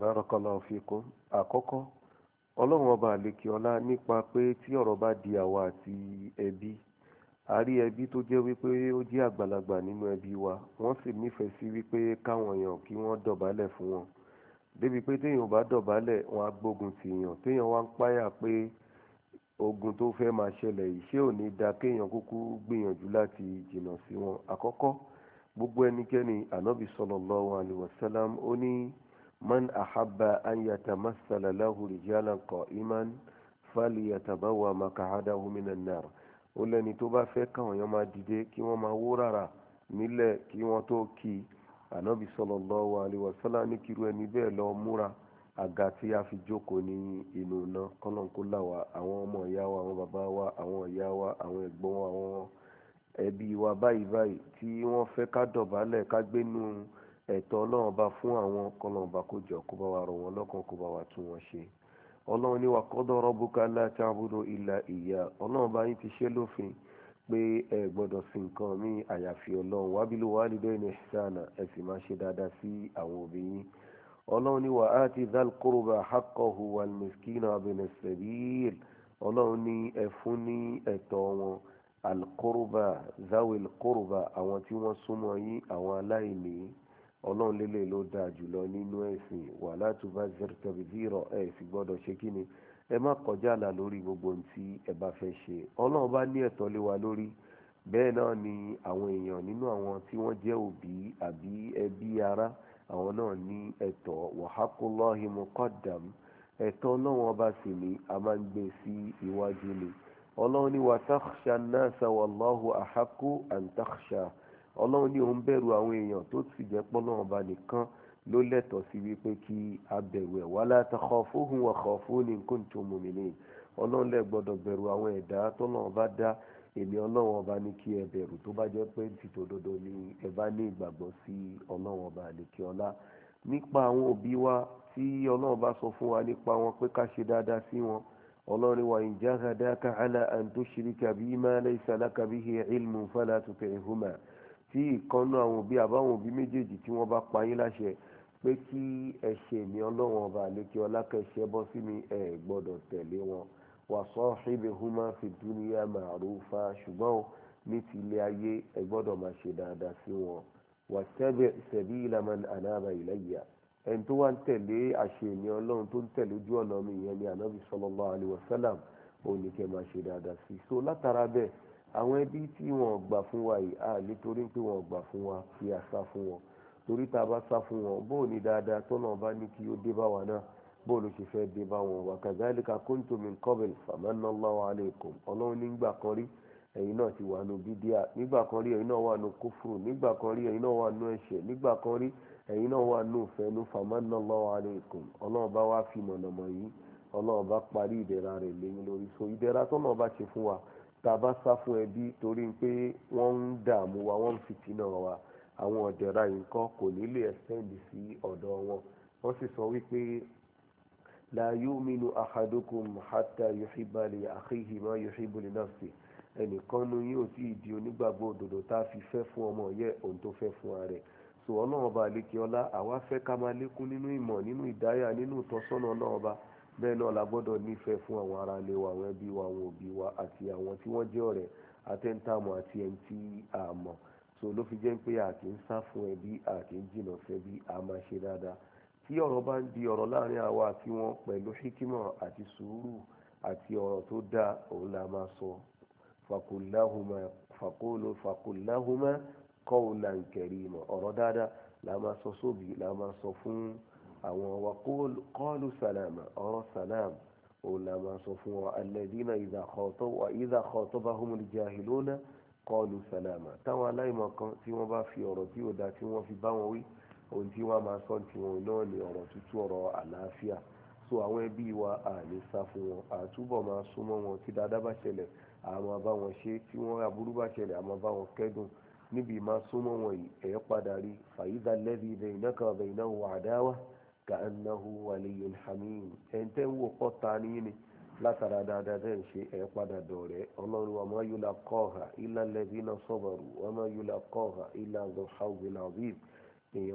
barakallahu fikum akoko ọlọ́run ọba àlekè ọlá nípa pé tí ọ̀rọ̀ bá di àwa àti ẹbí a rí ẹbí tó jẹ́ wípé ó jẹ́ àgbàlagbà nínú ẹbí wa wọ́n sì nífẹ̀ẹ́ sí wípé káwọn èèyàn kí wọ́n dọ̀bálẹ̀ fún wọn débi pé téèyàn bá dọ̀bálẹ̀ wọn á gbógun tìyàn téèyàn wá ń páyà pé ogun tó fẹ́ máa ṣẹlẹ̀ yìí ṣé ò ní da kéèyàn kúkú gbìyànjú láti jìnnà sí wọn àkọ́kọ́ gbogbo ẹnikẹ́ni ànábì sallallahu alaihi wasallam ó ní. من أحب أن يتمثل له رجالا قائما فليتبوى مقعده من النار ولن توبا فيكا ويوم ديدي وما ورارا nílẹ̀ kí wọ́n tó kí ànábì sallallahu alaihi wasallam ní kírú ẹni bẹ́ẹ̀ lọ múra àga tí a fi jókòó ní inú iná kọ́lọ́nkólà wa àwọn ọmọ ìyá wa àwọn bàbá wa àwọn ìyá wa àwọn ẹ̀gbọ́n wa àwọn ẹbí wa báyìí báyìí tí wọ́n fẹ́ ká dọ̀bálẹ̀ ká gbénu ẹ̀tọ́ ọlọ́run bá fún àwọn kọlọ́run bá kó jọ kó bá wa rọ̀ wọ́n lọ́kàn kó bá wa tún wọn ṣe ọlọ́run ní wa qada rabbuka la ta'budu illa iya ọlọ́run bá yín ti ṣe lófin pé ẹ gbọ́dọ̀ sí nǹkan mi àyàfi ọlọ́run wabil walidayni ihsana ẹ sì máa ṣe dáadáa sí àwọn òbí yín ọlọ́run ní wa ati dhal qurba haqqahu wal miskina abin as-sabil ọlọ́run ní ẹ fún ní ẹ̀tọ́ wọn al qurba zawil àwọn tí wọ́n súnmọ́ yín àwọn aláìní ọlọ́run lélẹ̀ ló dáa jùlọ nínú ẹ̀sìn wà látúbà zẹ́rẹ́tẹ̀bì zírọ̀ ẹ̀ sì gbọ́dọ̀ ṣe kí ni ẹ má kọjá àlà lórí gbogbo ohun tí ẹ bá fẹ́ ṣe ọlọ́run bá ní ẹ̀tọ́ lé wa lórí bẹ́ẹ̀ náà ni àwọn èèyàn nínú àwọn tí wọ́n jẹ́ òbí àbí ẹbí ará àwọn náà ní ẹ̀tọ́ wàhákùlọ́hì mọ́kàdàm ẹ̀tọ́ ọlọ́run ọba sì ni a máa ń gbé sí iwájú ni ọlọ́run ní wàtáṣà náà sàwọ́láhù ọlọ́run ní òun bẹ̀rù àwọn èèyàn tó sì jẹ́ pọ́nlọ́run ọba nìkan ló lẹ́tọ̀ọ́ sí wípé kí a bẹ̀rù ẹ̀ wala takhafuhum wa khafuni in kuntum mu'minin ọlọ́run lẹ́ gbọ́dọ̀ bẹ̀rù àwọn ẹ̀dá tọ́lọ́run bá dá èmi ọlọ́run ọba ní kí ẹ bẹ̀rù tó bá jẹ́ pé ti tòdodo ni ẹ bá ní ìgbàgbọ́ sí ọlọ́run ọba àlèkè ọlá nípa àwọn òbí wa tí ọlọ́run bá sọ fún wa nípa wọn pé ká ṣe dáadáa sí wọn ọlọ́run wa in jahadaka ala an tushrika bima laysa laka bihi ilmun fala tí ìkànnú àwọn òbí àbáwọn òbí méjèèjì tí wọ́n bá pa yín láṣẹ pé kí ẹ ṣe èmi ọlọ́wọ́n ọba àlékè ọlákẹ́ṣẹ́ bọ́ sí mi ẹ gbọ́dọ̀ tẹ̀lé wọn wà sahibihuma fi dunya ma'rufa ṣùgbọ́n ní ti ilé ayé ẹ gbọ́dọ̀ máa ṣe dáadáa sí wọn wà tabi' sabila man anaba ilayya ẹni tó wá ń tẹ̀lé àṣẹ èmi ọlọ́run tó ń tẹ̀lé ojú ọ̀nà mi ìyẹn ni ànábì sallallahu alaihi wasallam òun ní kẹ́ máa ṣe dáadáa sí so látara bẹ́ẹ̀ àwọn ẹbí tí wọn gbà fún wa yìí a lè torí pé wọn gbà fún wa fi àṣà fún wọn torí tá a bá sá fún wọn bóò ní dáadáa tọ́nà bá ní kí ó dé bá wa náà bóò ló ṣe fẹ́ dé bá wọn wa kadhalika kuntum min qabl famanallahu alaykum ọlọ́run nígbà kan rí ẹ̀yin náà ti wà nù bídíà nígbà kan rí ẹ̀yin náà wà nù kófùrù nígbà kan rí ẹ̀yin náà wà nù ẹ̀ṣẹ̀ nígbà kan rí ẹ̀yin náà wà nù fẹ́nu famanallahu alaykum ọlọ́run bá wá fi mọ̀nàmọ̀ yìí ọlọ́run bá parí ìdẹ̀ra rẹ̀ lẹ́yìn tá a bá sá fún ẹbí torí pé wọ́n ń dààmú wa wọ́n ń fìtínà wa àwọn ọ̀dẹ̀ra nǹkan kò ní lè extend sí ọ̀dọ̀ wọn wọ́n sì sọ wípé la yuminu ahadukum hatta yuhibba li akhihi ma yuhibbu li nafsi ẹnìkan nu yóò tí ì di onígbàgbọ́ òdodo tá a fi fẹ́ fún ọmọ yẹ ohun tó fẹ́ fún ara rẹ̀ so ọlọ́run ọba àlékè ọlá àwa fẹ́ ká máa lékún nínú ìmọ̀ nínú ìdáyà nínú ìtọ́sọ́nà ọlọ́run ọba bẹ́ẹ̀ náà la gbọ́dọ̀ nífẹ̀ẹ́ fún àwọn ará ilé wa àwọn ẹbí wa àwọn òbí wa àti àwọn tí wọ́n jẹ́ ọ̀rẹ́ atẹ́ntàmọ̀ àti ẹni tí a mọ̀ so ló fi jẹ́ pé a kì í sá fún ẹbí a kì í fẹ́bí a máa ṣe dáadáa tí ọ̀rọ̀ bá ń di ọ̀rọ̀ láàrin àwa àti wọn pẹ̀lú hikimọ̀ àti sùúrù àti ọ̀rọ̀ tó dáa òun la máa sọ fàkùnláhùmá fàkùnlò fàkùnláhùmá kọ́ọ̀lá nkẹ̀rìmọ̀ ọ̀rọ̀ dáadáa la máa sọ sóbì la máa sọ fún àwọn wa kọ́ọ̀lù sàlámà ọ̀rọ̀ sàlám òun là máa sọ fún wa alẹ́dínà ìdá kọ́ọ̀tọ́ bá humul jahiluna kọ́ọ̀lù sàlámà táwọn aláìmọ̀ kan tí wọ́n bá fi ọ̀rọ̀ tí ò da tí wọ́n fi bá wọn wí ohun tí wọ́n máa sọ tí wọn náà ni ọ̀rọ̀ tútù ọ̀rọ̀ àlàáfíà so àwọn ẹbí wa à ní sá fún wọn àtúbọ̀ máa súnmọ́ wọn tí dáadáa bá ṣẹlẹ̀ a bá wọn ṣe tí wọ́n aburú bá ṣẹlẹ̀ a bá wọn kẹ́dùn níbi máa súnmọ́ wọn yìí padà rí fàyídà lẹ́bi ìbẹ̀yìn náà kan ìbẹ̀yìn ka annahu waliyyun hamim ẹ̀ǹtẹ́ ń wò pọ̀ ta ní ni látara dáadáa tẹ́ ń ṣe ẹ̀ padà dọ̀rẹ́ ọlọ́run wa ma yulaqaha illa alladhina sabaru wa ma yulaqaha illa dhu hawzin azim very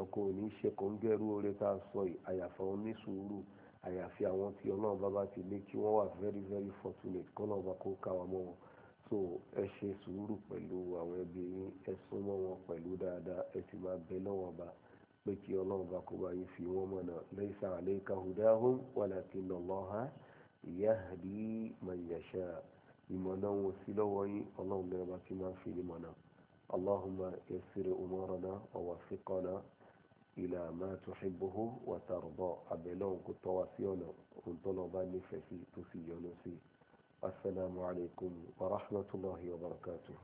very fortunate wa wọn so ẹ ṣe sùúrù pẹ̀lú àwọn ẹbí yín ẹ súnmọ́ wọn pẹ̀lú dáadáa ẹ sì máa bẹ ọba pé kí ọlọ́run bá kó bá yín fi wọ́n mọ̀nà laysa alayka hudahum walakinna Allaha yahdi man yasha ìmọ̀nà wọn sí lọ́wọ́ yín ọlọ́run bẹ̀rẹ̀ bá kí máa ń fi ní mọ̀nà Allahumma yassir umurana wa waffiqna ila ma tuhibbuhu wa tarda abẹ́lẹ́ òun kò tọ́ sí ọ̀nà òun tọ́lọ́ bá nífẹ̀ẹ́ sí tó sì yọ́nú sí. Assalamu wa rahmatullahi wa barakatuh.